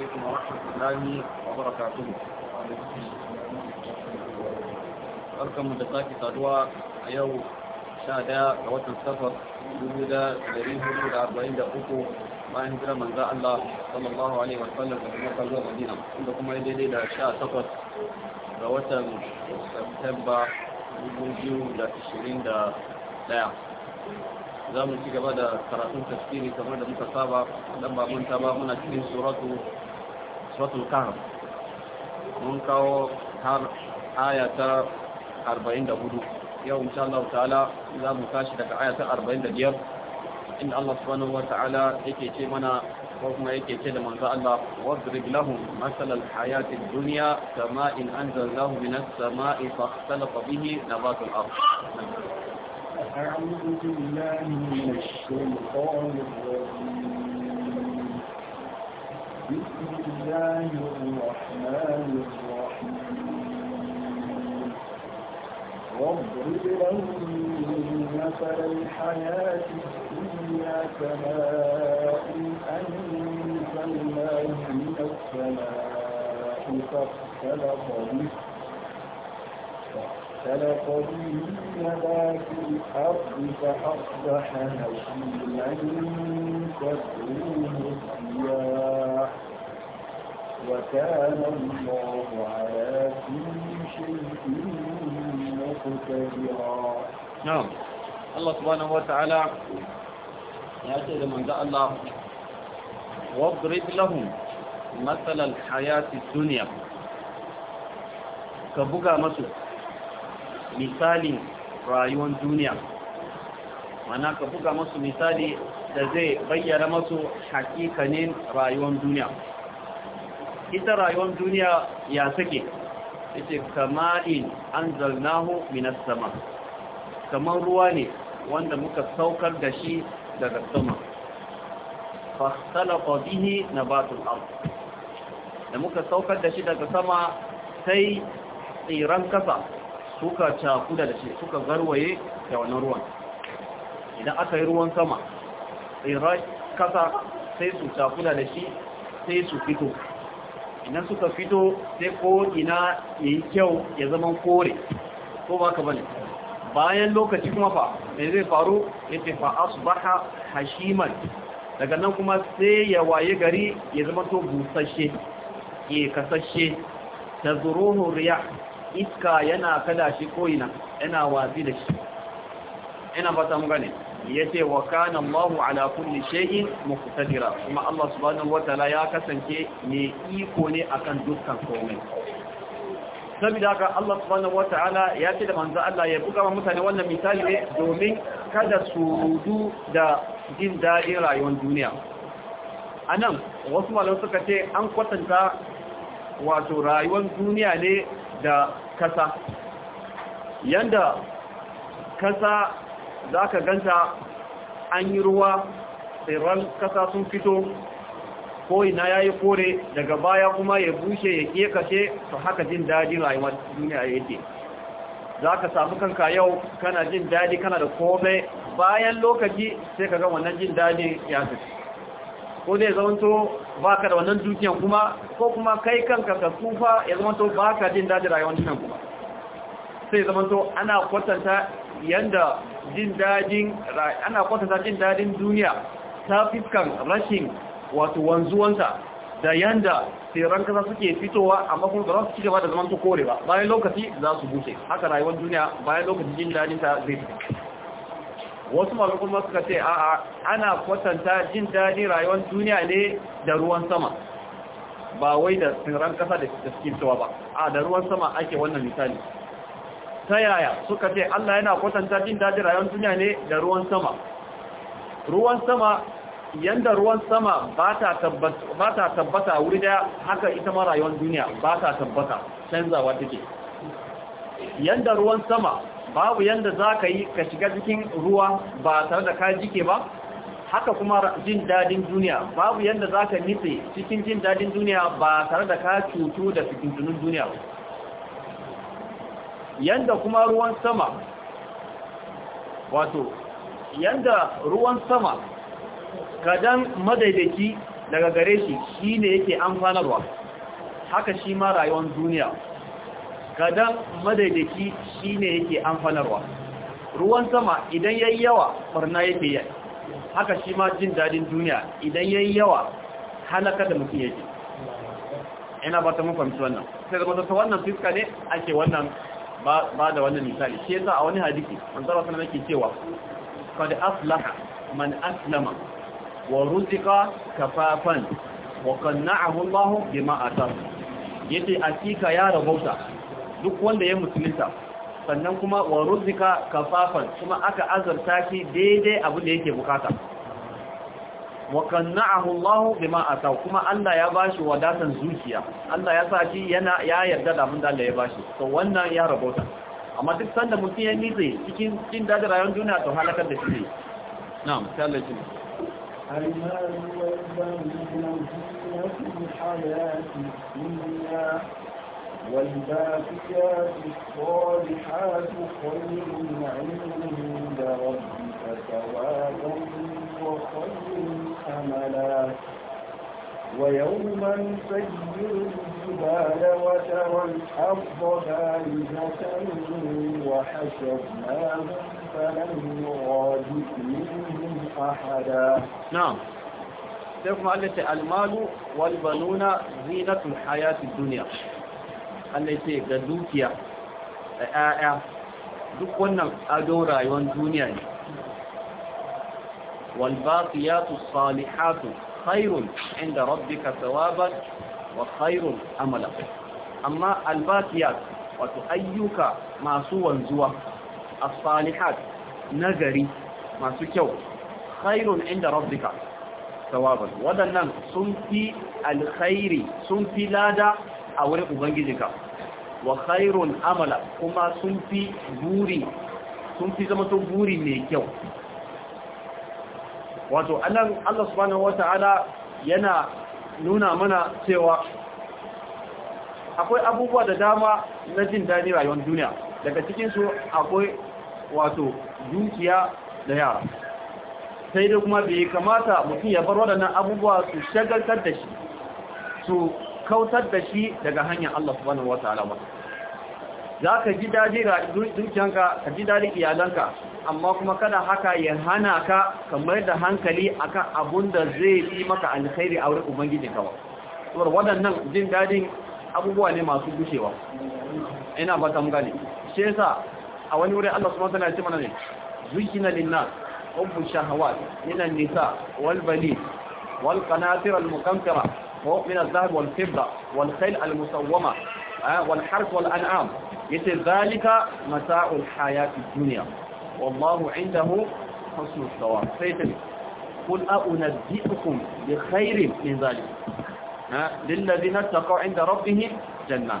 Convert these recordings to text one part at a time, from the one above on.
عليكم ورحمة الله وبركاته barkan mu ta saki saduwa a yau sha daya ga watan safar dubu da dari hudu da arba'in da uku bayan hijira manzo Allah sallallahu alaihi wa sallam da kuma kallo Madina inda kuma ya daidai da sha takwas ga watan Septemba dubu biyu da da daya za mu ci gaba da karatun tafsiri kamar da muka saba dan ba mun ta ba muna cikin suratu suratul kahf mun kawo har aya ta 44 yau insha Allah ta'ala za mu tashi daga aya ta 45 inda Allah subhanahu wa ta'ala yake ce mana ko kuma yake ce da manzo Allah wadrib lahum masal al hayat ad dunya kama in anzalnahu min as sama'i fa ikhtalafa bihi nabatu al ard أعوذ بالله من الشيطان الرجيم بسم الله الرحمن الرحيم واضرب لهم مثل الحياة الدنيا كماء أنزلناه من السماء فاختلط به فاختلف به نبات الأرض فأصبح هشيما تدعوه السياح وكان الله على كل شيء مقتدرا نعم الله سبحانه وتعالى يأتي لمن دعا الله واضرب لهم مثل الحياة الدنيا كبقى مسلم misalin rayuwar duniya mana ka buga masu misali da zai bayyana masu hakikanin rayuwar duniya ita rayuwar duniya ya sake ita kama'in an minas sama kamar ruwa ne wanda muka saukar da shi daga sama fasalafa bihi na batun da muka saukar da shi daga sama sai tsiran kasa suka cakuda da shi suka garwaye da wannan ruwan idan aka yi ruwan sama tsirai kasa sai su cakuda da shi sai su fito idan suka fito sai ko ina ya yi kyau ya zama kore ko ba ka bane bayan lokaci kuma fa mai zai faru ya ce fa asbaha hashiman daga nan kuma sai ya waye gari ya zama to busashe ke kasashe ta zuruhu riya iska yana kada shi ko'ina yana wazi da shi ina fata mun gane yace wa kana Allahu ala kulli shay'in muqtadira kuma Allah subhanahu wataala ya kasance ne iko ne akan dukkan komai saboda haka Allah subhanahu wataala ya ce da manzo Allah ya buga wa mutane wannan misali ne domin kada su rudu da jin daɗin rayuwar duniya anan wasu malamai suka ce an kwatanta wato rayuwar duniya ne da kasa yanda kasa za ka ganta an yi ruwa tsirran kasa sun fito ko ina ya yi kore daga baya kuma ya bushe ya kekashe su haka jin daji rayuwar duniya ya ke. za ka samu kanka yau kana jin daɗi kana da komai bayan lokaci sai ka ga wannan jin daji ya fi ko zai zaunto baka da wannan dukiyan kuma ko kuma kai kanka ka tsufa ya zama to baka jin daɗin rayuwar nan kuma sai zama ana kwatanta yanda jin dajin ana kwatanta jin duniya ta fiskan rashin wato wanzuwanta da yanda tseren kasa suke fitowa amma kuma ba za su cigaba da zaman kore ba bayan lokaci za su buce haka rayuwar duniya bayan lokaci jin dajin ta zai fi wasu masu kuma suka ce a'a ana kwatanta jin daji rayuwar duniya ne da ruwan sama ba wai da tsirran ƙasa da cikin cewa ba a da ruwan sama ake wannan misali ta yaya suka ce Allah yana kwatanta jin daji rayuwar duniya ne da ruwan sama ruwan sama yadda ruwan sama ba ta tabbata wuri da haka ita ma rayuwar duniya ba ta tabbata canzawa take yadda ruwan sama babu yanda za ka yi ka shiga cikin ruwa ba tare da ka jike ba haka kuma jin dadin duniya babu yanda za ka nitse cikin jin dadin duniya ba tare da ka cutu da fitintunin duniya ba yanda kuma ruwan sama wato yanda ruwan sama kadan madaidaki daga gare shi shine yake amfanarwa haka shi ma rayuwar duniya kada madaidaki shine yake amfanarwa ruwan sama idan yayi yawa barna yake yi haka shi ma jin dadin duniya idan yayi yawa halaka da mutum yake ina ba ta fahimci wannan sai da mata wannan fiska ne ake wannan ba da wannan misali shi yasa a wani hadisi an zara sanan yake cewa qad aslaha man aslama wa ruzika kafafan wa qanna'ahu Allah bima atah yace akika ya rabauta duk wanda ya musulunta sannan kuma wa ruzika kafafan kuma aka azarta shi daidai abin da yake bukata wa kanna'ahu Allah bima ata kuma Allah ya bashi wadatan zuciya Allah ya saki yana ya yarda da abin da Allah ya bashi to wannan ya rabota amma duk sanda mutum ya nitse cikin cikin da rayuwar duniya to halakar da shi na'am sai Allah ya والباقيات الصالحات خير عند ربك ثوابا وخير املا ويوما نسير الجبال وترى الحظ بارزة وحشرناهم فلم يغادر منهم أحدا نعم سيكون المال والبنون زينة الحياة الدنيا Allah ce ga dukiya da ƴaƴa duk wannan ado rayuwar duniya ne wal baqiyatu salihatu khairun inda rabbika thawaban wa khairun amala amma al baqiyat wato ayyuka masu wanzuwa as-salihat nagari masu kyau khairun inda rabbika thawaban wadannan sun fi alkhairi sun fi lada a wurin ubangijinka wa khairun amala kuma sun fi buri sun fi zama to buri mai kyau wato anan Allah subhanahu wata'ala yana nuna mana cewa akwai abubuwa da dama na jin daɗi rayuwar duniya daga cikin su akwai wato dukiya da yara sai dai kuma bai kamata mutum ya bar waɗannan abubuwa su shagaltar da shi su kautar da shi daga hanyar Allah subhanahu wa ta'ala ba za ka ji daji ga dukiyanka ka ji daji iyalanka amma kuma kada haka ya hana ka kamar da hankali akan abun da zai fi maka alkhairi a wurin ubangijin ba saboda waɗannan jin dadin abubuwa ne masu gushewa ina ba ta gane shi yasa a wani wurin Allah subhanahu wa ta'ala ya ce mana ne zuyina na hubbu shahawat min nisa Walbali, balid wal qanatir al هو من الذهب والفضة والخيل المسومة والحرث والأنعام يتل ذلك متاع الحياة الدنيا والله عنده حسن الثواب فيتل قل أنبئكم بخير من ذلك للذين اتقوا عند ربهم جنة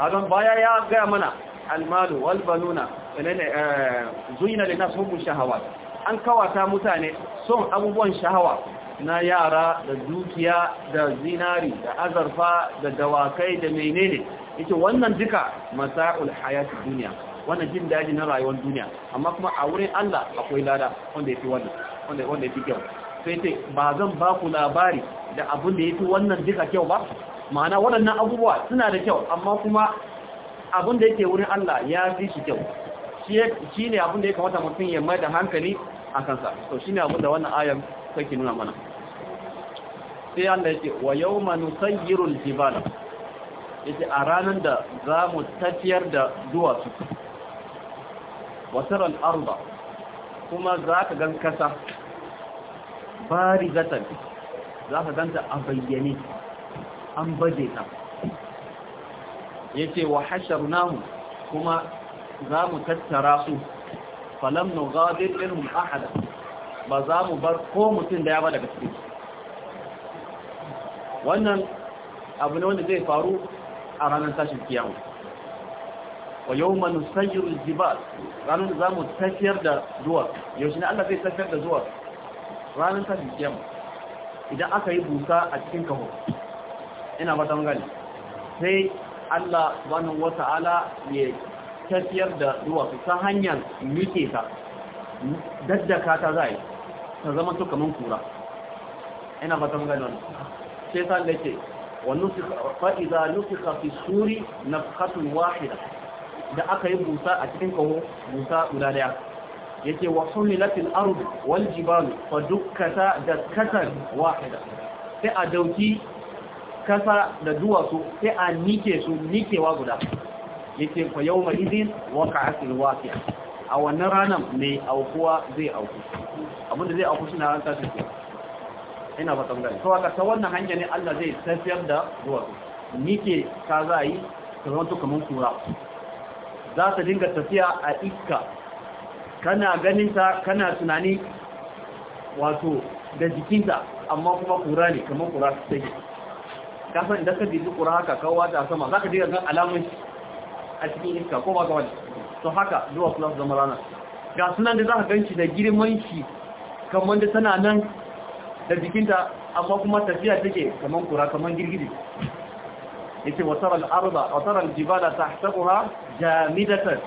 هذا بايا يا غامنا المال والبنون آه، زين للناس هم الشهوات an kawata mutane son abubuwan shahawa na yara da dukiya da zinari da azarfa da dawakai da menene ita wannan duka masa'ul hayati duniya wannan jin daji na rayuwar duniya amma kuma a wurin Allah akwai lada wanda ya fi wannan wanda ya fi kyau sai sai ba zan ba ku labari da abin da ya fi wannan duka kyau ba ma'ana waɗannan abubuwa suna da kyau amma kuma abin da yake wurin Allah ya fi shi kyau shi ne abin da ya kamata mutum ya mai da hankali a kansa to shine abin da wannan ayan take nuna mana sai Allah yake wa yawma al jibala yace a ranar da za mu tafiyar da duwatsu al arba kuma za ka gan kasa bari zatan za ka ganta a bayyane an baje ta yace wa hasharnahu kuma za mu tattara su falam nughadir minhum ahada ba za mu bar ko mutum da ya ba daga cikin wannan abu ne wanda zai faru a ranar tashin Kiyamu. wa yau manu sayyiru jibal ranar da za mu tafiyar da zuwa yaushe ne Allah zai tafiyar da zuwa ranar tashin Kiyamu? idan aka yi busa a cikin kaho ina ba ta gani sai Allah subhanahu Ta'ala ya tafiyar da duwatsu ta hanyar miƙe ta daddaka ta za yi ta zama su kamar kura ina fata mun gano sai sa da yake wannan su faɗi za suri na katun wahida da aka yi busa a cikin kawo busa guda daya yake wasu milafin ard wal jibal fa dukkata dakkatan wahida sai a dauki kasa da duwatsu sai a nike su nikewa guda yake fa yawma idin waqa'at alwaqi'a a wannan ranar mai aukuwa zai auku da zai auku suna ranar tashin kiyama ina ba tambaya to aka ta wannan hanya ne Allah zai tafiyar da zuwa nike ka za yi kamar to kamar kura za ta dinga tafiya a iska kana ganin ta kana tunani wato da jikinta amma kuma kura ne kamar kura take kasan idan ka jiji kura haka kawo ta sama za ka dinga gan alamun a cikin iska ko ba wani to haka zuwa kula zama ranar ga sunan da za ka ganci da girman shi kamar da tana nan da jikinta amma kuma tafiya take kamar kura kamar girgidi yake wasarar arba wasarar jibala ta haƙaƙura jamidatar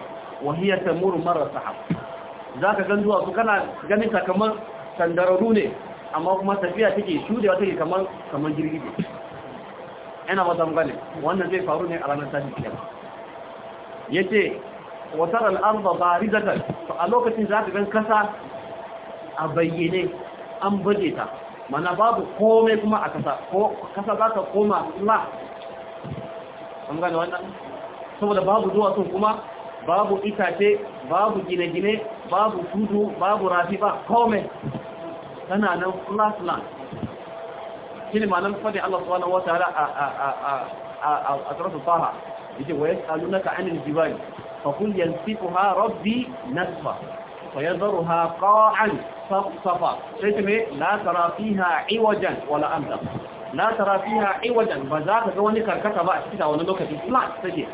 wahiyar tamuru marar sahab za ka gan zuwa su kana ganin ta kamar sandararru ne amma kuma tafiya take shudewa take kamar kamar girgidi ina wata gane wannan zai faru ne a ranar tafiya yace watar al'arba ba rizatar to a lokacin za ta gan kasa a bayyane an baje ta mana babu komai kuma a kasa ko kasa za ta koma la an gane wannan saboda babu sun kuma babu itace babu gine-gine babu tudu babu rafi ba komai tana nan flat shi ne malam Allah subhanahu wa ta'ala a a a a a a ويسألونك عن الجبال فقل ينسفها ربي نسفا فيذرها قاعاً صفصفا سيتمي إيه؟ لا ترى فيها عوجا ولا أمدا لا ترى فيها عوجا بذلك قولي كركتبا اشتكتا ونلوك في إيه؟ فلاح سيتمي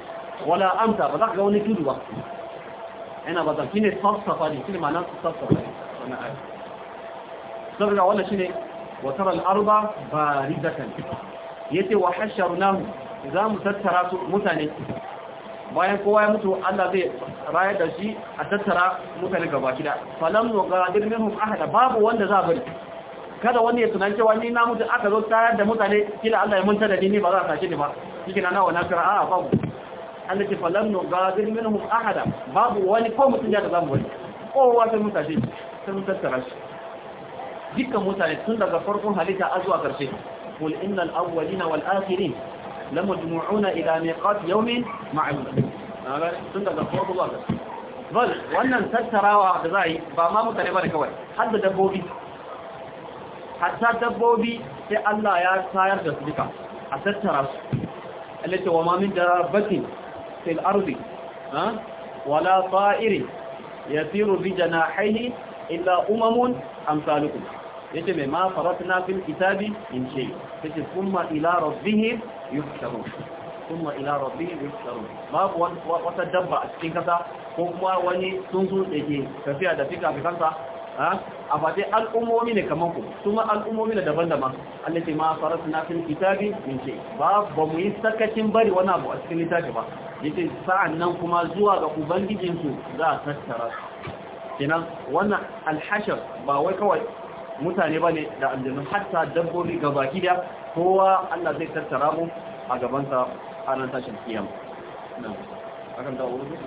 ولا أمدا بذلك قولي كدوة هنا بذلك كيني صفصفا دي كيني معنى صفصفا دي أنا أعلم صفصفا ولا شيني وترى الأرض باردة يتي وحشرناهم za mu tattara su mutane bayan kowa ya mutu Allah zai rayar da shi a tattara mutane gaba shida falam no ga dirmin ahada babu wanda za bari kada wani ya tunan cewa ni na mutu aka zo tayar da mutane kila Allah ya manta da ni ba za a sake ni ba shike na nawa na kira a babu Allah ce falam no ga dirmin ahada babu wani ko mutun ya da mu bari kowa sai mutashi sai mun tattara shi dukkan mutane tun daga farkon halitta a zuwa karshe قل إن الأولين والآخرين لمجموعون إلى ميقات يوم معلوم سنة دفوق الله ظل وأنا ستراء أعضائي فما متنبري كوي حد دبوبي حتى دبوبي في الله يا سائر جسدك حتى ترى التي وما من دابة في الأرض ولا طائر يسير بجناحيه إلا أمم أمثالكم yace mai ma faratna fil kitabi in shay yace kuma ila rabbihim yuhsharun kuma ila rabbihim yuhsharun babu wata dabba a cikin kasa ko kuma wani tsuntsu da ke tafiya da fika fikansa a fati al'ummomi ne kamar ku kuma al'ummomi ne daban-daban Allah ce ma faratna fil kitabi in shay ba ba mu yi sakacin bari wani abu a cikin littafi ba yace sa'an nan kuma zuwa ga ubangijinsu za a tattara kenan wannan alhashar ba wai kawai mutane bane da aljanu hatta dabbobi ga baki da kowa Allah zai tattara mu a gabansa a ran tashin kiyama na'am akan dawo wurin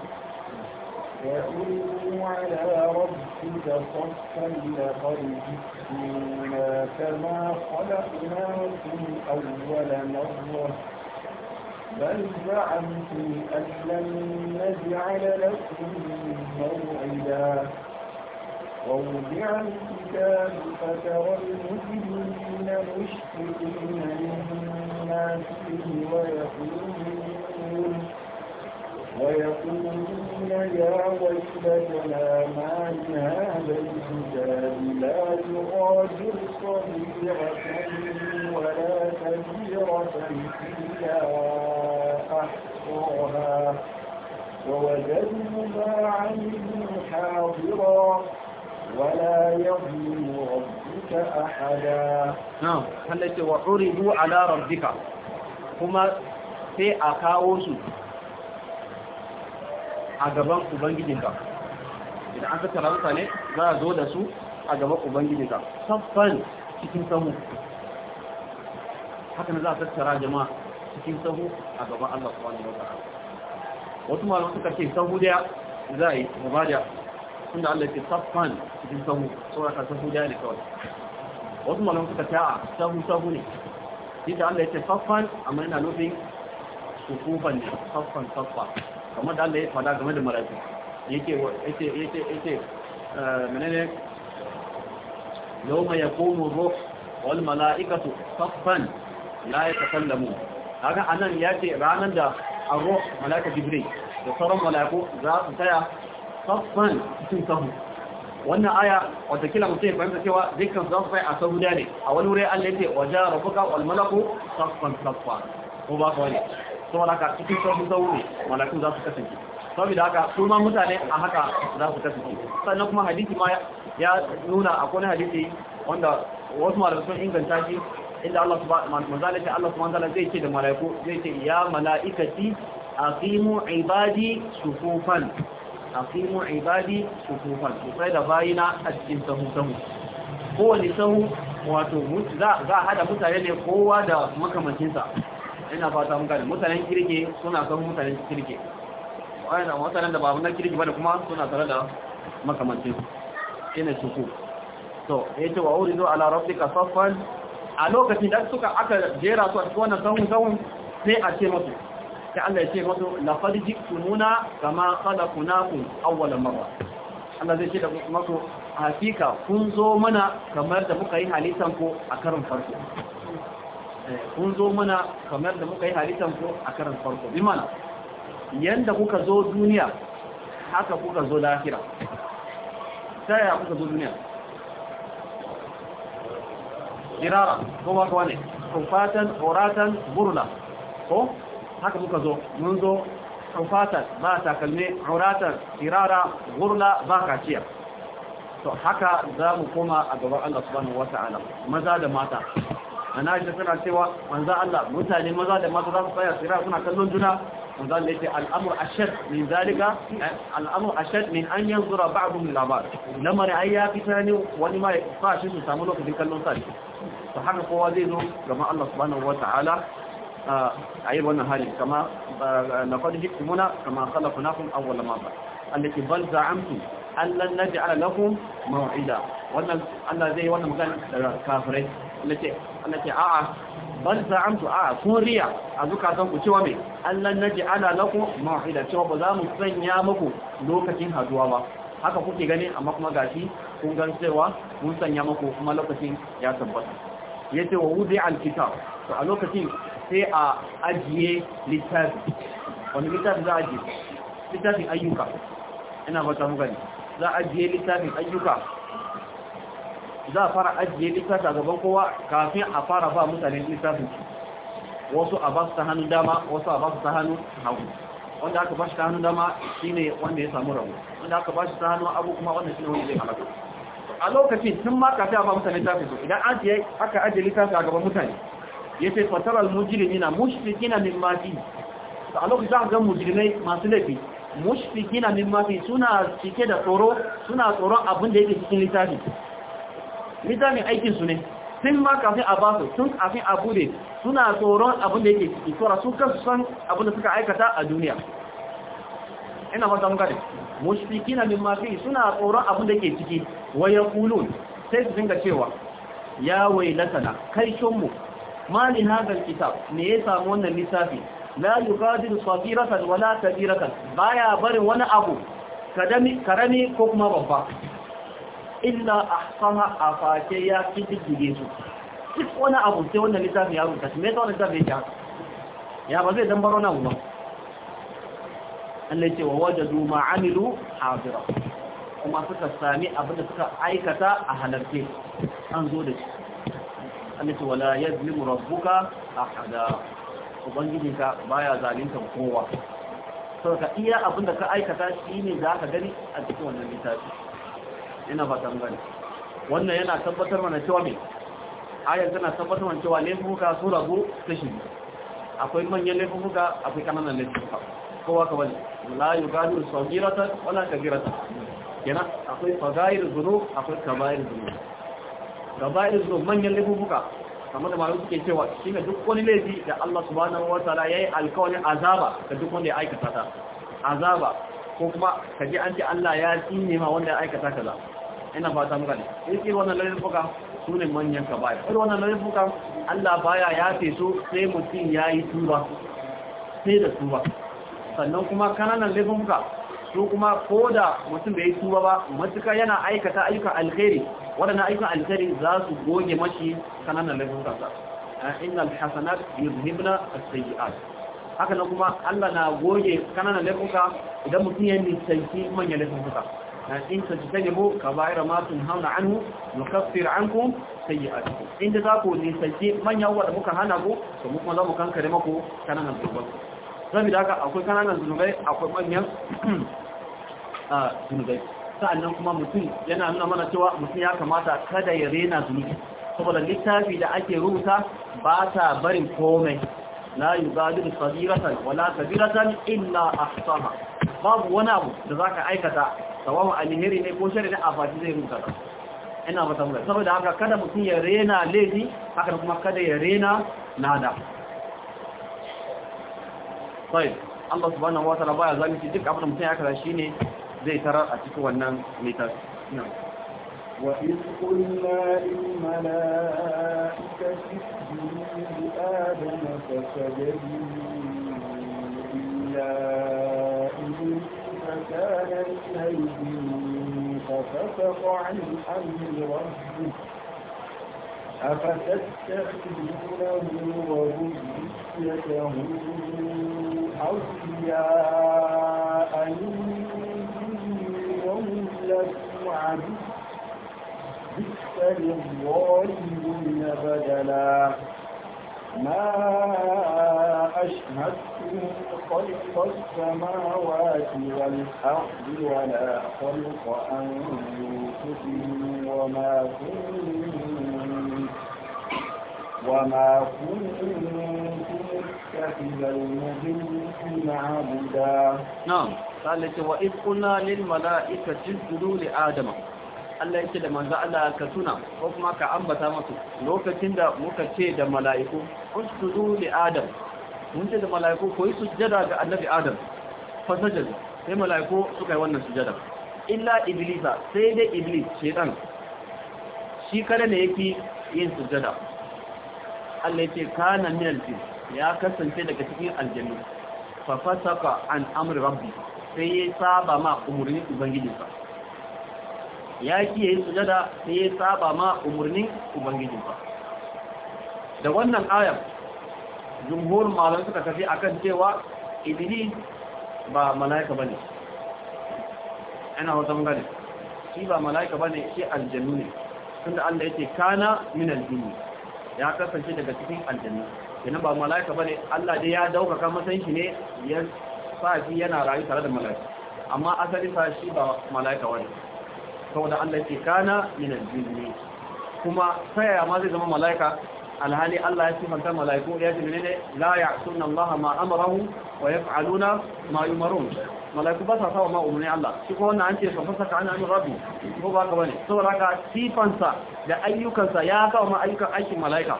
وَإِنَّ عَلَى رَبِّكَ صَفًّا لَّقَدْ جِئْتُونَا كَمَا خَلَقْنَاكُمْ أَوَّلَ مَرَّةٍ بَلْ زَعَمْتُمْ أَن لم نَّجْعَلَ لَكُم مَّوْعِدًا ووضع الكتاب فترى المجرمين مشفقين مما فيه ويقولون ويقولون يا ويلتنا ما لهذا الكتاب لا يغادر صغيرة ولا كبيرة إلا أحصاها ما عنه حاضرا ولا يظلم ربك أحدا نعم التي وعرضوا على ربك كما sai a kawo su a gaban ubangijinka idan an tattara mutane za a zo da su a gaban cikin sahu haka na za a tattara jama'a cikin sahu a gaban Allah subhanahu wa ta'ala wasu malamu suka ce sahu daya za a yi tunda Allah ke saffan cikin sahu saboda ka sahu da ne kawai wasu malamu suka ta sahu sahu ne yadda Allah ya ce saffan amma yana nufin sufufan ne saffan saffa kamar da Allah ya fada game da marafi yake yake yake yake menene yawma yaqumu ruh wal mala'ikatu saffan la yatakallamu kaga anan ya ce ranar da ar-ruh mala'ika jibril da sauran mala'iku za su tsaya saffan cikin sahu wannan aya watakila mutum ya fahimta cewa dukkan saffai a sahu da ne a wani wuri Allah ya ce waje rafuka wal malaku saffan saffa ko ba ka wani saboda haka cikin sahu sahu ne malakun za su kasance saboda haka su ma mutane a haka za su kasance sannan kuma hadisi ma ya nuna akwai hadisi wanda wasu malamai sun inganta shi inda Allah subhanahu wa ta'ala Allah subhanahu wa ta'ala zai ce da malaiku zai ce ya malaikati aqimu ibadi sufufan aqimu ibadi sufufan sai da bayina a cikin sahu sahu kowane sahu wato za hada mutane ne kowa da makamancinsa ina fata mun da mutanen kirke suna kan mutanen kirke wanda mutanen da babu na kirki bane kuma suna tare da makamancin ina shuku. to yace wa uridu ala rabbika saffan a lokacin da suka aka jera su a cikin wannan sahun sahun sai a ce musu sai Allah ya ce masu laqad ji'tumuna kama khalaqnakum awwala marra Allah zai ce da masu hakika kun zo mana kamar da muka yi halittan ku a karin farko eh, kun zo mana kamar da muka yi halittan ku a karin farko bi mana yanda kuka zo duniya haka kuka zo lahira ta ya kuka zo duniya kirara ko ba kowa ne kufatan horatan burla ko haka muka zo mun zo kamfatar ba takalmi auratar tirara gurla ba kaciya to haka za mu koma a gaban Allah subhanahu wata'ala maza da mata ana shi suna cewa manzo Allah mutane maza da mata za su tsaya tirara suna kallon juna manzo Allah yace al'amur ashad min zalika eh, al'amur ashad min an yanzura ba'dhum ila ba'd lamar ayya fitani wani ma ya fashi su samu lokacin kallon sa to haka kowa zai zo gaban Allah subhanahu wata'ala a yi wannan halin kama na kwadin hikimuna kama khalakunakun awwal marra allati bal za'amtu allan naj'ala lakum maw'ida wannan Allah zai wannan magana daga kafirai allati a'a bal za'amtu a'a kun riya a zukatan ku cewa me allan naj'ala ba za mu sanya maku lokacin haduwa ba haka kuke gani amma kuma gashi kun gan cewa mun sanya muku kuma lokacin ya tabbata yace wa wudi'a alkitab to a lokacin sai a ajiye littafi wani littafi za a ajiye littafin ayyuka ina bata mugani. za a ajiye littafin ayyuka za a fara ajiye littafi a gaban kowa kafin a fara ba mutane littafin wasu a basu ta hannu dama wasu a basu ta hannu hagu wanda aka bashi shi ta hannu dama ne wanda ya samu rabu wanda aka bashi ta hannu abu kuma wanda ne wanda zai halaka a lokacin tun ma kafin a ba mutane littafin su idan aka ajiye littafi a gaban mutane yace fataral mujrimina mushfiqina mimma fi to a lokacin za ga mujrimai masu laifi mushfiqina mimma fi suna cike da tsoro suna tsoron abin da yake cikin litafi. Litafin aikin su ne sun ma kafin a ba su sun kafin a bude suna tsoron abin da yake ciki tsora su kansu san abin da suka aikata a duniya ina fata muka ne mushfikina mimma fi suna tsoron abin da yake ciki wa yaqulun sai su dinga cewa ya waylatana kai shonmu ma min hadal kitab me ya samu wannan lissafi la yuqadiru safiratan wala kabiratan baya barin wani abu kadami karami ko kuma babba illa ahsaha afake ya kididdige su duk wani abu sai wannan lissafi ya rubuta me yasa wannan lissafi ya ya ba zai dambara baro na ba Allah ce wa wajadu ma amilu hadira kuma suka sami abin suka aikata a halarce an zo da shi Allah ce wala yazlimu rabbuka ahada ubangijinka baya zalunta kowa So ka iya abinda ka aikata shi ne za ka gani a cikin wannan littafi ina fatan gani wannan yana tabbatar mana cewa me ayar tana tabbatar mana cewa laifuka su rabu kashi akwai manyan laifuka akwai kananan laifuka kowa ka wani la yugadu sawiratan wala kabiratan kenan akwai fadair zunub akwai kabair zunub ya zo manyan laifuka kamar da malamu suke cewa shi ne duk wani laifi da Allah subhanahu wataala yayi alƙawarin azaba ga duk wanda ya aikata ta azaba ko kuma kaje an ce Allah ya tsine ma wanda ya aikata kaza ina fata muka ne yake wannan laifuka ne manyan kaba'ir irin wannan laifuka Allah baya ya so sai mutum ya yi tuba sai da tuba sannan kuma kananan laifuka su kuma ko da mutum bai tuba ba matuka yana aikata ayyukan alkhairi waɗannan ayyukan alkhairi za su goge mashi kananan laifukansa innal hasanat yuzhibna as-sayyi'at haka nan kuma Allah na goge kananan laifuka idan mutum ya nisanci manyan laifuka in tajtanibu kaba'ira ma tunhauna anhu nukaffir ankum sayyi'atikum inda za ku nisanci manyan wanda muka hana ku to mu kuma za mu kankare maku kananan zunubai saboda haka akwai kananan zunubai akwai manyan a zunubai sa'annan kuma mutum yana nuna mana cewa mutum ya kamata kada ya rena zunubi saboda littafi da ake rubuta ba ta barin komai la yubadiru sabiratan wala sabiratan illa ahsaha babu wani abu da zaka aikata sawawa alheri ne ko shari ne a fati zai rubuta ba ina ba tambaya saboda haka kada mutum ya rena laifi haka kuma kada ya rena nada Allah subhanahu wa ta'ala baya zalunci duk abin da mutum ya aikata shine زي ترى a النام wannan نعم وإذ قلنا للملائكة اسجدوا لآدم فسجدوا إلا إبليس كان من أيديهم ففسق عن أمر ربه أفتتخذونه وذريته أولياء من يسمع بئس للظالمين بدلا خلق السماوات والأرض وما كنت وما كنت متخذ المضلين عبدا نعم قالت وإذ قلنا للملائكة اسجدوا لآدم Allah yake da manzo Allah ka tuna ko kuma ka ambata musu lokacin da muka ce da mala'iku usjudu li adam mun ce da mala'iku koyi sujjada ga annabi adam fa sajada sai mala'iku suka yi wannan sujada. illa iblisa sai dai iblis shedan shi kada ne yake yin sujada. Allah ce kana min aljin ya kasance daga cikin aljannu fa fasaka an amri rabbi sai ya saba ma umurnin fa, ya ki yayi sujada sai ya saba ma umurnin fa. da wannan aya jumhur malamai suka tafi akan cewa iblis ba malaika bane ana wata mangare shi ba malaika bane shi aljannu ne tunda Allah yake kana min aljinni ya kasance daga cikin aljanna kenan ba mala'ika bane Allah dai ya daukaka matsayin shi ne ya sa shi yana rayu tare da mala'ika amma asali sa shi ba mala'ika wani saboda Allah ke kana min aljinni kuma sai ma zai zama mala'ika alhali Allah ya sifanta mala'iku ya ce menene la ya'sunna Allah ma amarahu wa yaf'aluna ma yumarun malaiku ba sa sawa ma umarni Allah shi kuma wannan an ce sofa saka ana amin rabbi ko ba ka bane saboda ka sifansa da ayyukansa ya kawo ma ayyukan aikin malaika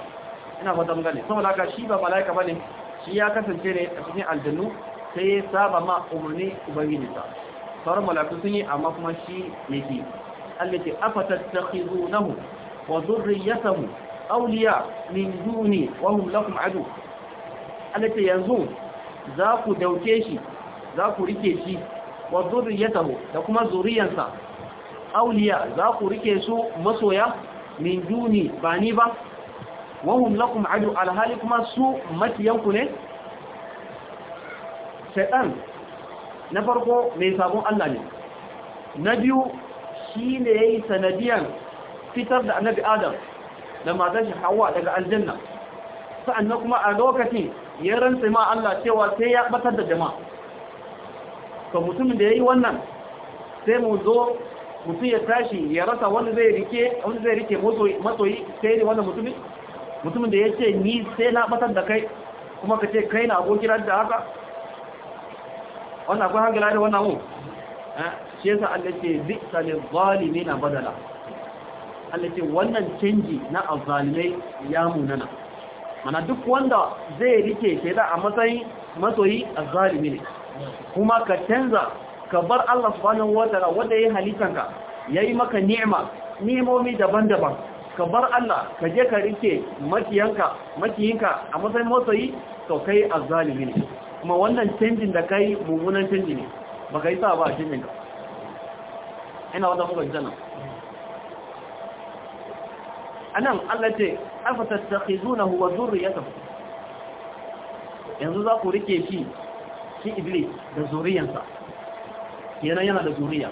ina fata mun gane saboda ka shi ba malaika bane shi ya kasance ne a cikin aljannu sai ya saba ma umarni ubangiji sa sauran malaiku sun yi amma kuma shi ne ki Allah ce afatattakhizunahu wa dhurriyyatahu awliya min duni wa hum lakum adu Allah ce yanzu za ku dauke shi za ku rike shi wa zurriyatahu da kuma zuriyansa awliya za ku rike su masoya min duni ba ni ba wahum lakum adu alhali kuma su matiyanku ne shaitan na farko mai sabon Allah ne na biyu shi ne ya yi fitar da annabi adam da matar shi hawa daga aljanna sa'annan kuma a lokacin ya ransa ma Allah cewa sai ya batar da jama'a to mutumin da ya yi wannan sai mu zo mutum ya tashi ya rasa wanda zai rike wanda zai rike masoyi sai ne wannan mutumin mutumin da ya ce ni sai na batar da kai kuma ka ce kai na abokin da haka wannan akwai hankali da wannan mu eh, shi yasa Allah ce bi'sa lil zalimin badala Allah ce wannan canji na azalimai ya munana mana duk wanda zai rike shaida a matsayin masoyi azalimi ne kuma ka canza ka bar Allah subhanahu wataala wanda ya halitanka yayi maka ni'ima ni'imomi daban-daban ka bar Allah ka je ka rike makiyanka makiyinka a matsayin motsayi to kai azzalimi ne kuma wannan canjin da kai mummunan canji ne baka yi sa ba a canjin ka ina wata muka jana anan Allah ce afatattakhizunahu wa dhurriyyatahu yanzu za ku rike shi shi iblis da zuriyansa yana yana da zuriya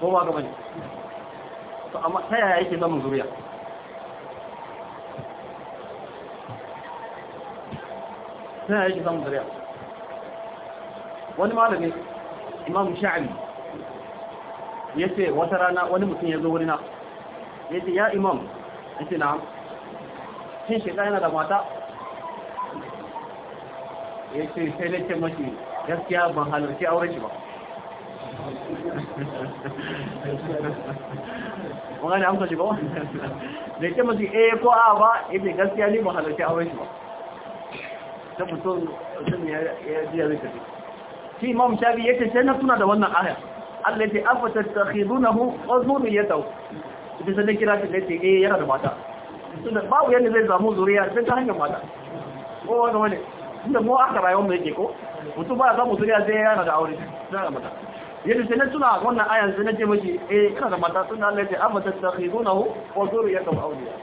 ko ba gaba ne to amma ta yaya yake zama zuriya ta yaya yake zama zuriya wani malami imam sha'abi ya ce wata rana wani mutum ya zo wurina ya ce ya imam ya ce na shin shi yana da mata ya ce sai nake mashi gaskiya ban halarci auren shi ba wani amsa shi ba da ce mashi eh ko a ba ita gaskiya ne ban halarci auren shi ba ta mutum sun ya jiya zai tafi shi imam shafi ya ce sai na tuna da wannan aya Allah ya ce afata takhidunahu azmuri yatau ita sai kira shi da ce eh yana da mata tunda babu yanda zai zamu zuriya sai ta hanyar mata ko wanda wani inda mu aka rayuwar mu yake ko mutum ba za mu a zai yana da aure zai da mata yadda sai na tuna wannan ayan sai na ce mashi eh kana da mata sun da Allah ya ce amma tattakhidunahu wa zuriyatahu awliya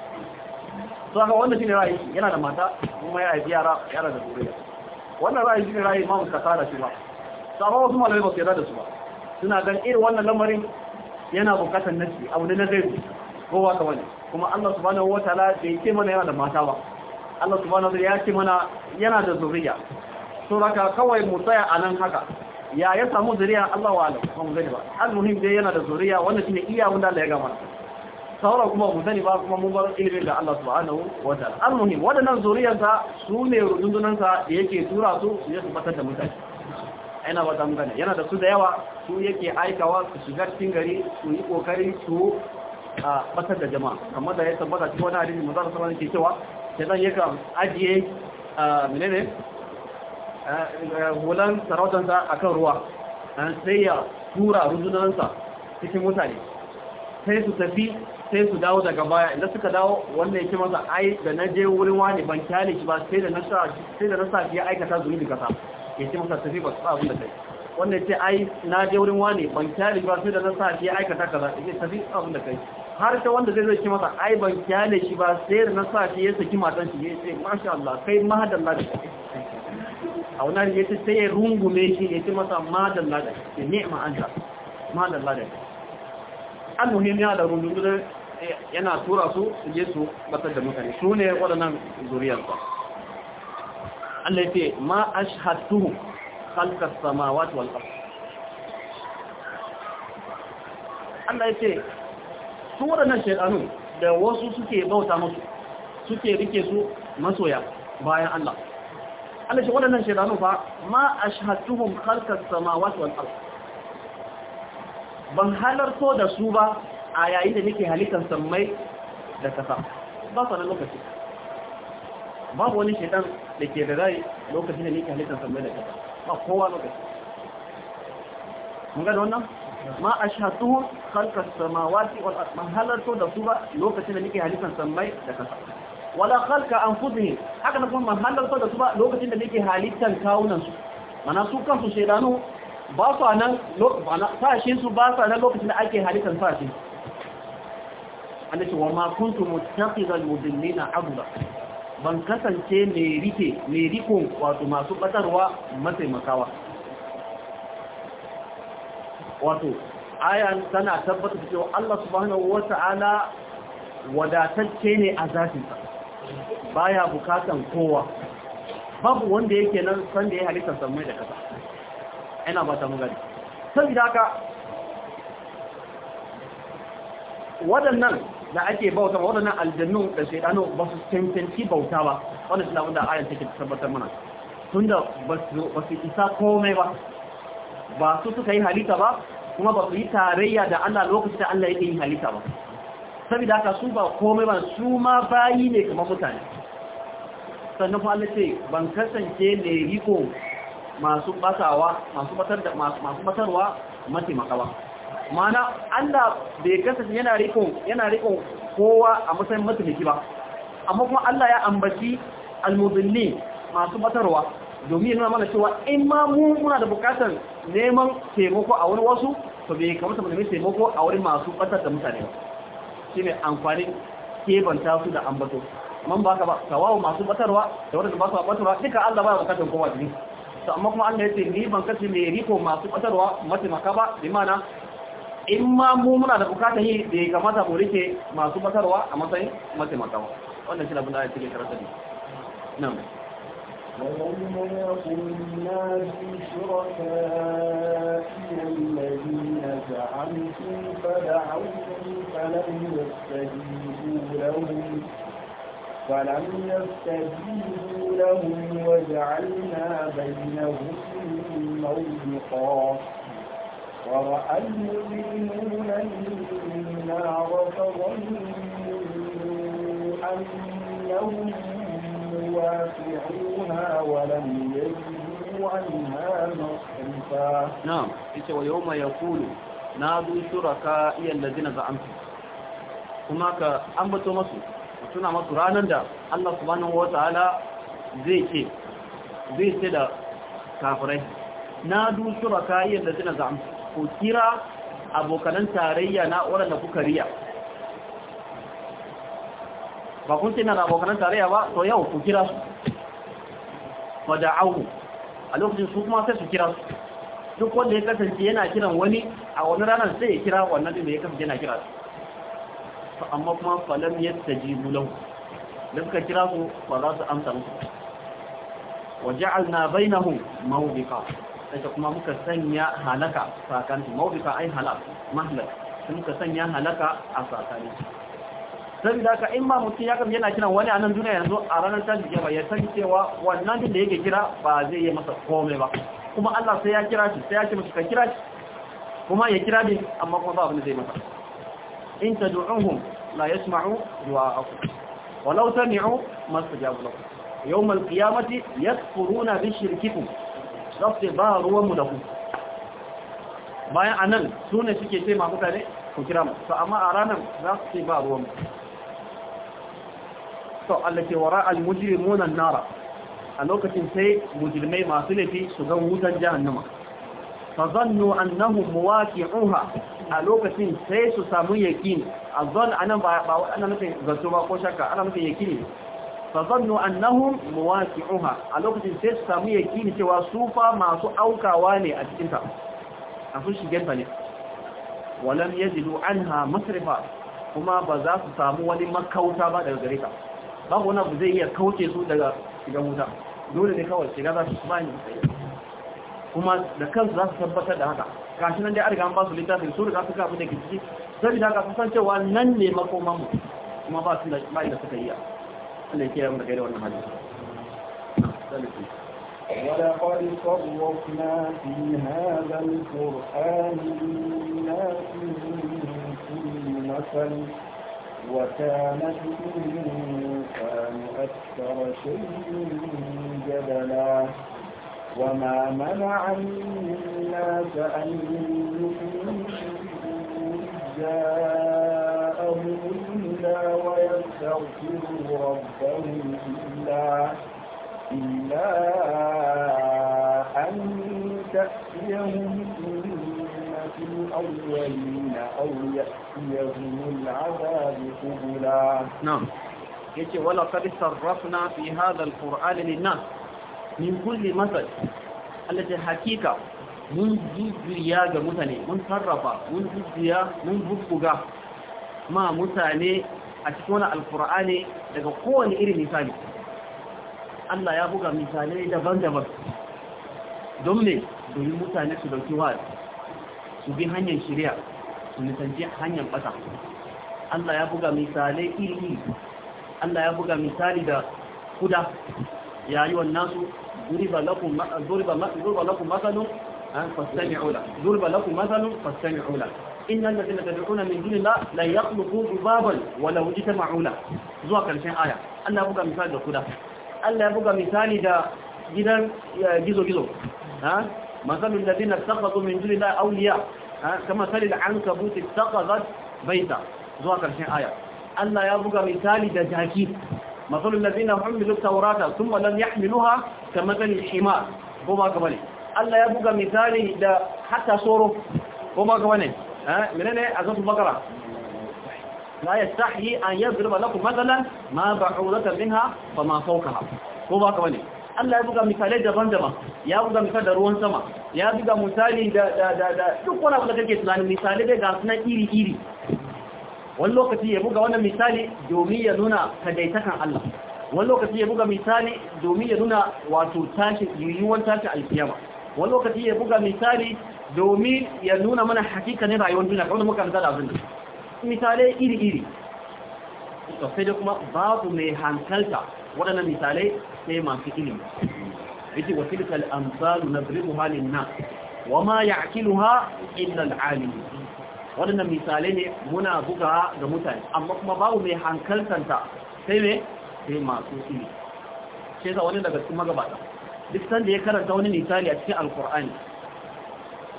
to haka wannan shine ra'ayi yana da mata kuma ya haifi yara yara da zuriya wannan ra'ayi shine ra'ayi Imam Qatada shi ba sabon wasu malamai ba su yarda da su ba suna gan irin wannan lamarin yana bukatar nasi abu ne na zai ko wa ka wani kuma Allah subhanahu wataala bai ce mana yana da mata ba Allah subhanahu wa ya ce mana yana da zuriya to raka kawai mu tsaya anan nan haka ya ya samu zuriya Allah wa alam ba mu gani ba almuhim dai yana da zuriya wanda shine iya wanda Allah ya gama saura kuma mu sani ba kuma mun bar ilimin da Allah subhanahu wa ta'ala almuhim wadannan zuriyarsa su ne rundunansa da yake tura su su ya tabbatar da mutane ina ba ta mutane yana da su da yawa su yake aikawa su shiga cikin gari su yi kokari su a batar da jama'a kamar da ya tabbata cikin wani hadisi manzo sallallahu alaihi wasallam yake cewa yi kan ajiye menene hulan sarautansa kan ruwa sai ya tura rundunansa cikin mutane sai su tafi sai su dawo daga baya inda suka dawo wanda yake masa ai da na je wurin wani ban kyale shi ba sai da na sa sai da kasa ya aikata kasa yake masa tafi ba sa abin da kai wanda ce ai na je wurin wani ban kyale shi ba sai da na sa fiye aikata kaza yake tafi abin da kai har ta wanda zai zai masa ai ban kyale shi ba sai na sa shi ya saki matan shi ya ce masha Allah kai madalla da a wani ya ce sai rungu rungume shi ya ce masa madalla da ya nema an ta madalla da an muhimmi ya da rungume yana tura su su je su batar da mutane su ne waɗannan zuriyar ba Allah ya ce ma ashhadu khalqas samawati wal ard Allah ya ce su waɗannan shaidanun da wasu suke bauta musu suke rike su masoya bayan Allah Allah shi waɗannan shaidanun fa ma ashhadtuhum khalqas samawati wal ard ban halarto da su ba a yayin da nake halittar sammai da kasa ba nan lokaci babu wani shaidan da ke da rai lokacin da nake halittar sammai da kasa ba kowa lokaci mun ga wannan ma a ashhatu khalqa samawati wal ardh mahalarto da su ba lokacin da nake halittar sammai da kasa wala halka an anfusihim haka na kuma mahalarto da su ba lokacin da nake halittar kawunan su mana su kansu shedanu ba su nan sashin ba su nan lokacin da ake halittar sashin Allah ce wa ma kuntu muttaqidal na abda ban kasance mai rike mai rikon wato masu batarwa mataimakawa wato ayan tana tabbata da cewa Allah subhanahu wata'ala wadatacce ne a zatinsa baya bukatan kowa babu wanda yake nan san da ya halitta samu da kasa ina ba ta mugari da haka waɗannan da ake bauta ba waɗannan aljannun da shaidanu ba su cancanci bauta ba wannan suna wanda ayan take tabbatar mana tunda ba su isa komai ba ba su suka yi halitta ba kuma ba su yi tarayya da Allah lokacin da Allah yake yin halitta ba saboda haka su ba komai ba su ma bayi ne kamar mutane sannan kuma Allah ce ban kasance ne riko masu batawa masu batar da masu batarwa mataimaka ba mana Allah bai kasance yana riko yana riko kowa a matsayin mataimaki ba amma kuma Allah ya ambaci almudallin masu batarwa domin yana mana cewa in ma mu muna da bukatar neman taimako a wani wasu to bai kamata mu nemi taimako a wurin masu ɓatar da mutane ba shine amfani kebanta su da ambato man ba ka ba kawawa masu ɓatarwa, da wanda ba su ɓatarwa duka Allah ba ya bukatar kowa jini to amma kuma Allah ya ce ni ban kace me riko masu mace mataimaka ba bi mana in ma mu muna da bukata yi da ya kamata mu rike masu ɓatarwa a matsayin mataimaka ba wannan shi labin da ya cikin karatu ne nan فيوم يقول الناس شركائي الذين زعمتم فدعوهم فلم يستجيبوا لهم فلم يستجيبوا لهم وجعلنا بينهم موبقا ورأى المؤمنون النار فظنوا أنهم واسعوها ولم يجدوا عنها مصرفا نعم إذا ويوم يقول نادوا شركائي الذين زعمتم kuma ka ambato masu tuna masu ranar da Allah subhanahu wata'ala zai ce zai ce da kafirai na du shuraka yadda zina za'am ku kira abokanan tarayya na da kuka riya ba kun tina na abokanan tarayya ba to yau ku kira su wada'ahu a lokacin su kuma sai su kira su duk wanda ya kasance yana kiran wani a wani ranar sai ya kira wannan din da ya kasance yana kira su amma kuma falam yastajibu lahu da suka kira su ba za su amsa musu wa ja'alna bainahum mawbiqa sai kuma muka sanya halaka sakan mawbiqa ai halak mahlak sai muka sanya halaka a sakanin sai da ka ma mutum ya kam yana kiran wani a nan duniya yanzu a ranar ta jike ba ya san cewa wannan din da yake kira ba zai yi masa komai ba kuma Allah sai ya kira shi sai ya ce masa ka kira shi kuma ya kira din amma kuma ba abin da zai masa in tad'uhum la yasma'u du'a'akum law sami'u mastajabu lakum yawm al-qiyamati yakfuruna bi shirkikum zafi ba wa mu da ku bayan anan sune suke ce ma mutane ku kira mu amma a ranar za su ce ba ruwan mu to Allah ce wara al-mujrimuna nara a lokacin sai mujrimai masu laifi su ga wutan jahannama fazannu annahum muwaqi'uha a lokacin sai su samu yakin azan anan ba ba ana nufin zato ba ko shakka ana nufin yakin fazannu annahum muwaqi'uha a lokacin sai su samu yakin cewa su fa masu aukawa ne a cikin ta a su shigen ta ne walam yajidu anha masrifa kuma ba za su samu wani makauta ba daga gare ta babu wani abu zai iya kauce su daga shiga wuta dole ne kawai shiga za su kuma yi kuma da kansu za su tabbatar da haka kashi nan dai a riga an ba su littafin su riga suka abin da ke ciki saboda haka sun san cewa nan ne makoman mu kuma ba su da ba da suka yi Allah ya kiyaye da daga wannan hadisi ولقد صرفنا في هذا القرآن للناس من كل مثل وكان الإنسان أكثر شيء جدلا وما منع الناس أن يؤمنوا جاءهم إلا ويستغفروا ربهم إلا إلا أن تأتيهم الأولين أو يأتيهم العذاب قبلا نعم يجي ولقد صرفنا في هذا القرآن للناس من كل مثل التي حقيقة mun jujjuya ga mutane mun sarrafa mun jujjuya ma mutane a cikin wani alkur'ani daga kowane irin misali Allah ya buga misalai daban-daban don ne domin mutane su dauki wa su bi hanyar shirya su nisanci hanyar ƙasa Allah ya buga misalai iri Allah ya buga misali da kuda ya yi wannan su zurba lakum matsalun fastami'u la duriba lakum matsalun fastami'u la innal ladina tad'una min dunillah la yakhluqu dhubaban wa law ijtama'u ma'ula zuwa karshen aya Allah ya buga misali da kuda Allah ya buga misali da gidan gizo gizo ha masalul ladina taqatu min dunillah awliya kama salil ankabut taqazat baita zuwa karshen aya Allah ya buga misali da jaki masalul ladina humilu tawrata thumma lam yahmiluha kama salil himar kuma ka bane Allah ya buga misali da hatta soro kuma ka bane menene azatul bakara لا يستحي أن يضرب لكم مثلا ما بعوضة منها فما فوقها هو باك Allah ya buga misalai daban-daban ya buga misali da ruwan sama ya buga misali da da da da duk wani abu da kake tunani misali da ga suna iri-iri wani lokaci ya buga wannan misali domin ya nuna kadaitakan Allah wani lokaci ya buga misali domin ya nuna wato tashi yiwuwar tashi alkiyama wani lokaci ya buga misali domin ya nuna mana hakikanin rayuwar duniya kamar muka misali abin misalai iri-iri sosai da kuma babu mai hankalta waɗannan misalai sai masu ilimi yace wa tilkal amsalu nadribuha lin nas wa ma ya'qiluha illa al-alim waɗannan misalai ne muna buga ga mutane amma kuma babu mai hankaltanta sai ne sai masu ilimi sai za wani daga cikin magabata duk sanda ya karanta wani misali a cikin alkur'ani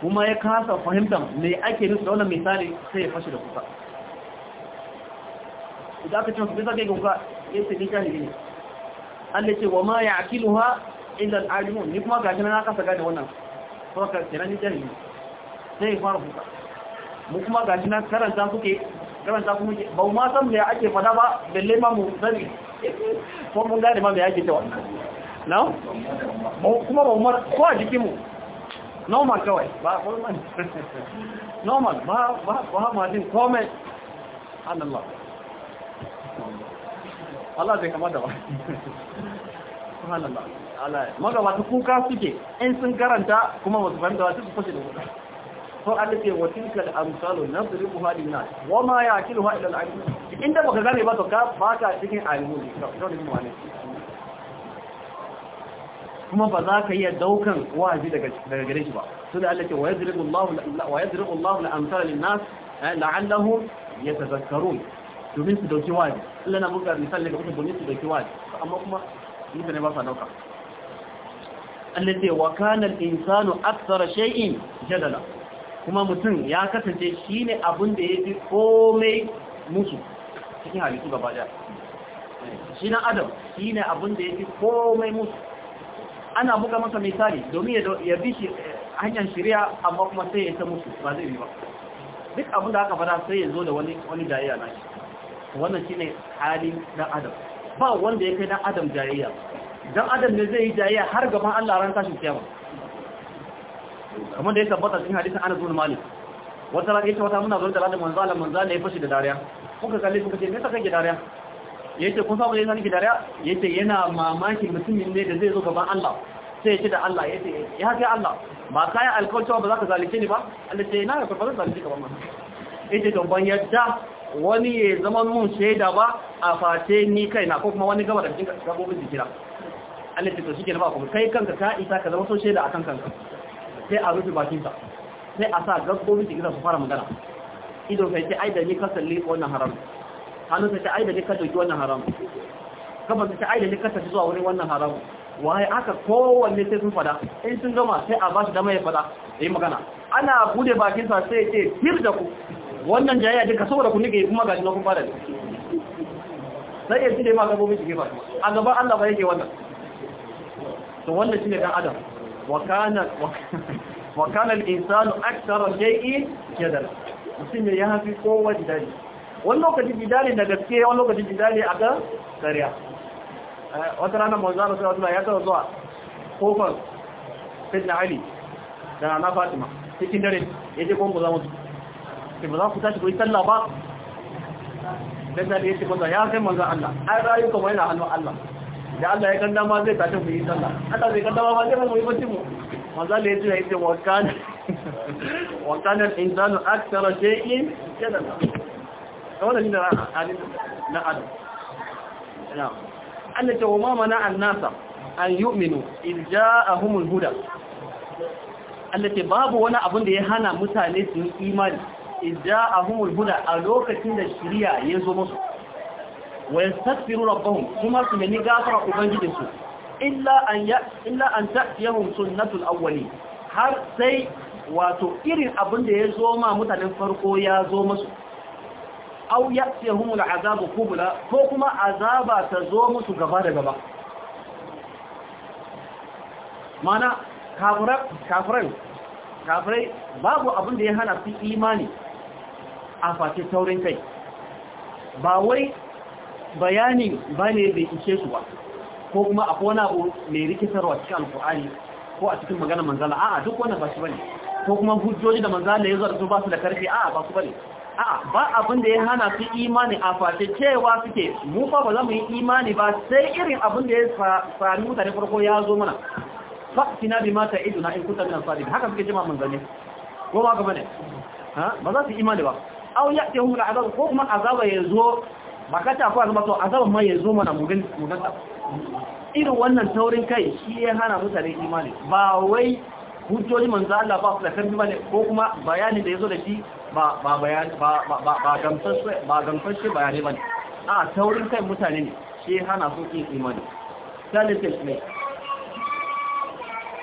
kuma ya kasa fahimtar me ake nufi da wannan misali sai ya fashi da kuka idan aka ce su bisa kai ga kuka ya ce ni jahili ne Allah ce wa ma ya'qiluha ha al-alimun ni kuma gashi na kasa gane wannan to ka kira ni jahili sai fara fuka mu kuma gashi na karanta kuke karanta kuma ba mu ma san me ake fada ba balle ma mu sani ko mun gane ma me ake cewa na kuma ba mu ko a jikin mu normal kawai ba kuma normal ba ba ba ma din komai Allah Allah bai kamata ba subhanallah Allah magabata kuka suke in sun karanta kuma wasu fahimta wasu su fashe da kuka to Allah ce wa tilka al-amsalu nadribu hadin nas wa ma yaqiluha illa al-alim inda baka gane ba to ka baka cikin alimu ne to ne mu ne kuma ba za ka iya daukan wazi daga gare shi ba su da Allah ce wa yadribu Allah wa yadribu Allah al-amsala na eh, la'allahu ya yatazakkarun domin su dauki waje Allah na buga misali ga uku domin su dauki waje amma kuma ne ba sa dauka Allah ce wa kana al-insanu akthara shay'in jadala kuma mutum ya kasance shine abin da yafi komai musu cikin halittu gaba da shi na adam shine abin da yafi komai musu ana buga masa misali domin ya bi shi eh, hanyar shari'a amma kuma sai ya ta musu ba zai yi ba duk abin da aka fara sai ya zo da wani wani dariya na shi wannan shine halin ɗan adam ba wanda ya kai ɗan adam jayayya Ɗan adam ne zai yi jayayya har gaban Allah ran tashin kiyama kamar da ya tabbata cikin hadisin ana bin Malik wata rana yace wata muna zuwa da Allah manzo Allah manzo ne fashi da dariya kuka kalle kuka ce me ta kake dariya ce kun samu yayin ki dariya ce yana mamakin mutumin ne da zai zo gaban Allah sai ya yace da Allah Ya ce ya kai Allah ba kai alƙawarci ba za ka zalunce ni ba Allah ce na ka fara zalunce ka ba ma Ita to ban yadda wani ya zama mun shaida ba a face ni kaina ko kuma wani gaba da cikin gabobin jikira Allah ya tsoke ne ba kuma kai kanka ka isa ka zama so shaida akan kanka sai a rufe bakin ka sai a sa gabobin jikina su fara magana ido kai ce ai da ni ka salli wannan haram hannu sai ce ai da ni ka doki wannan haram kaba sai ce ai da ni ka tafi zuwa wurin wannan haram waye aka kowanne sai sun fada in sun gama sai a ba su dama ya fada yayi magana ana bude bakin sa sai ce tir da ku wannan jayayya duka saboda ku nike kuma gashi na kun fara ne. sai ya cire ma gabobi shi ba a gaban Allah ba yake wannan to wannan shine dan adam wa kana wa kana al-insanu akthara shay'in jadal mutum ya hafi kowa jidali wani lokaci jidali da gaske wani lokaci jidali a ga kariya eh, wata rana manzana sai wata ya taba zuwa kofar sayyidina ali da na fatima cikin dare ya je kuma mu zama sai ba za ku tashi ku yi sallah ba dan da yake masa ya kai manzo Allah ai rayuka mai na hannun Allah da Allah ya kanda ma zai tashi ku yi sallah Allah zai kanda ma zai mu yi bacci mu manzo Allah ya ji yace wa kana wa kana al-insanu akthara shay'in kadaba wannan ne hadin na Adam na'am Allah ta wa mana annasa an yu'minu in ja'ahumul huda Allah ce babu wani abin da ya hana mutane su yi imani idda ahumul huda a lokacin da shiriya ya musu wa yastaghfiru rabbahum kuma su nemi gafara ubangijinsu illa an ya illa an ta'tiyahum sunnatul awwali har sai wato irin abin da ya ma mutanen farko ya musu aw ya'tiyahum azabu qubla ko kuma azaba ta zo musu gaba da gaba mana kafirai babu abin da ya hana su imani a fashe taurin kai ba wai bayani ba ne da ishe su ba ko kuma a kona abu mai rikitarwa cikin alkur'ani ko a cikin magana manzala a'a duk wannan ba shi ne? ko kuma hujjoji da manzala ya zarto ba su da karfi a'a ba su ba ne? a'a ba abin da ya hana su imani a fashe cewa suke mu fa ba za mu yi imani ba sai irin abin da ya sami mutane farko ya zo mana fa'tina bima ta'iduna in kuntum nan sadiqin haka suke jima manzanni ko ba ka bane ne ba za su imani ba aw ya'tihum al'azab ko kuma azaba yazo bakata ko azaba to azaba ma yazo mana mugin muganta irin wannan taurin kai shi ya hana mutane imani ba wai hujjoji manzo Allah ba su da karfi bane ko kuma bayani da yazo da shi ba ba bayani ba ba ba gamsashe ba gamsashe bayani bane a taurin kai mutane ne shi hana su imani sallallahu alaihi wasallam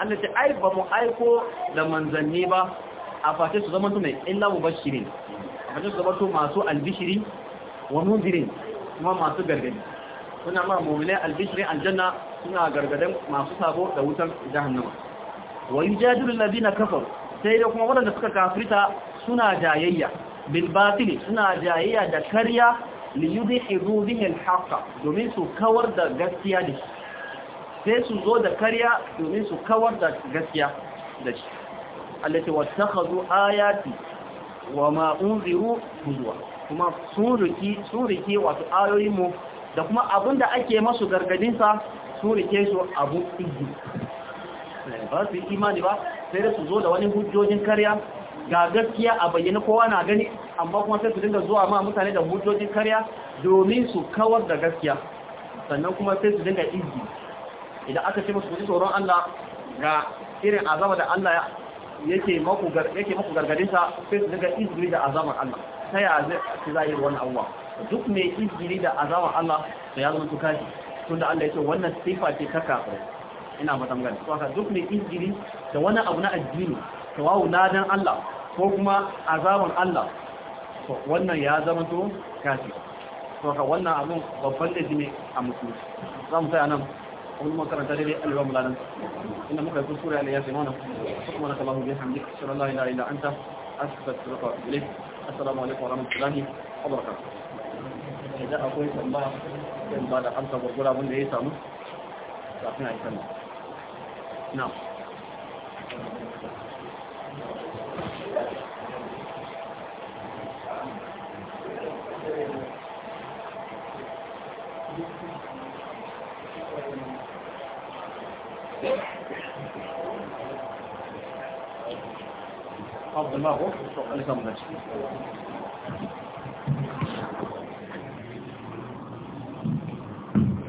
Allah ai ba mu aiko da manzanni ba a face su zama tunai illa mubashirin a face su zama to masu albishiri wa mundirin kuma masu gargadi suna ma mu'minai albishirin aljanna suna gargadin masu sabo da wutar jahannama wa yujadilu na kafar? sai da kuma waɗanda suka kafirta suna jayayya bil batili suna jayayya da karya li yudhihu bihi al domin su kawar da gaskiya da shi sai su zo da karya domin su kawar da gaskiya da shi allati wattakhadhu ayati wa ma unziru huzwa kuma suriki suriki wato ayoyin mu da kuma abinda ake masu gargadin sa surike su abu iji eh, ba su imani ba sai da su zo da wani hujjojin karya ga gaskiya a bayyana kowa na gani amma kuma sai su dinga zuwa ma mutane da hujjojin karya domin su kawar da gaskiya sannan kuma sai su dinga izini idan aka ce musu tsoron Allah ga irin azaba da Allah yake maku yake maku gargadin sa sai su daga izini da azabar Allah sai ya zai zai wannan abuwa duk mai izini da azabar Allah da ya zama tukashi tunda Allah ya ce wannan sifa ce ta kafir ina ba tambayar to haka duk mai izini da wani abu na addini tawawu nadan Allah ko kuma azaban Allah to wannan ya zama to kafir to haka wannan abun babban da a musulunci zamu sai anan ومن ما كان تدري اليوم لا ننسى إن مكا يكون سوريا لي يزمونه سبحانك اللهم بحمدك أشهد أن لا إله إلا أنت أستغفرك إليك السلام عليكم ورحمة الله وبركاته إذا أقول الله إن بعد أمس برجلا من ليس أمس لكن أيضا نعم, نعم. Allah ko Allah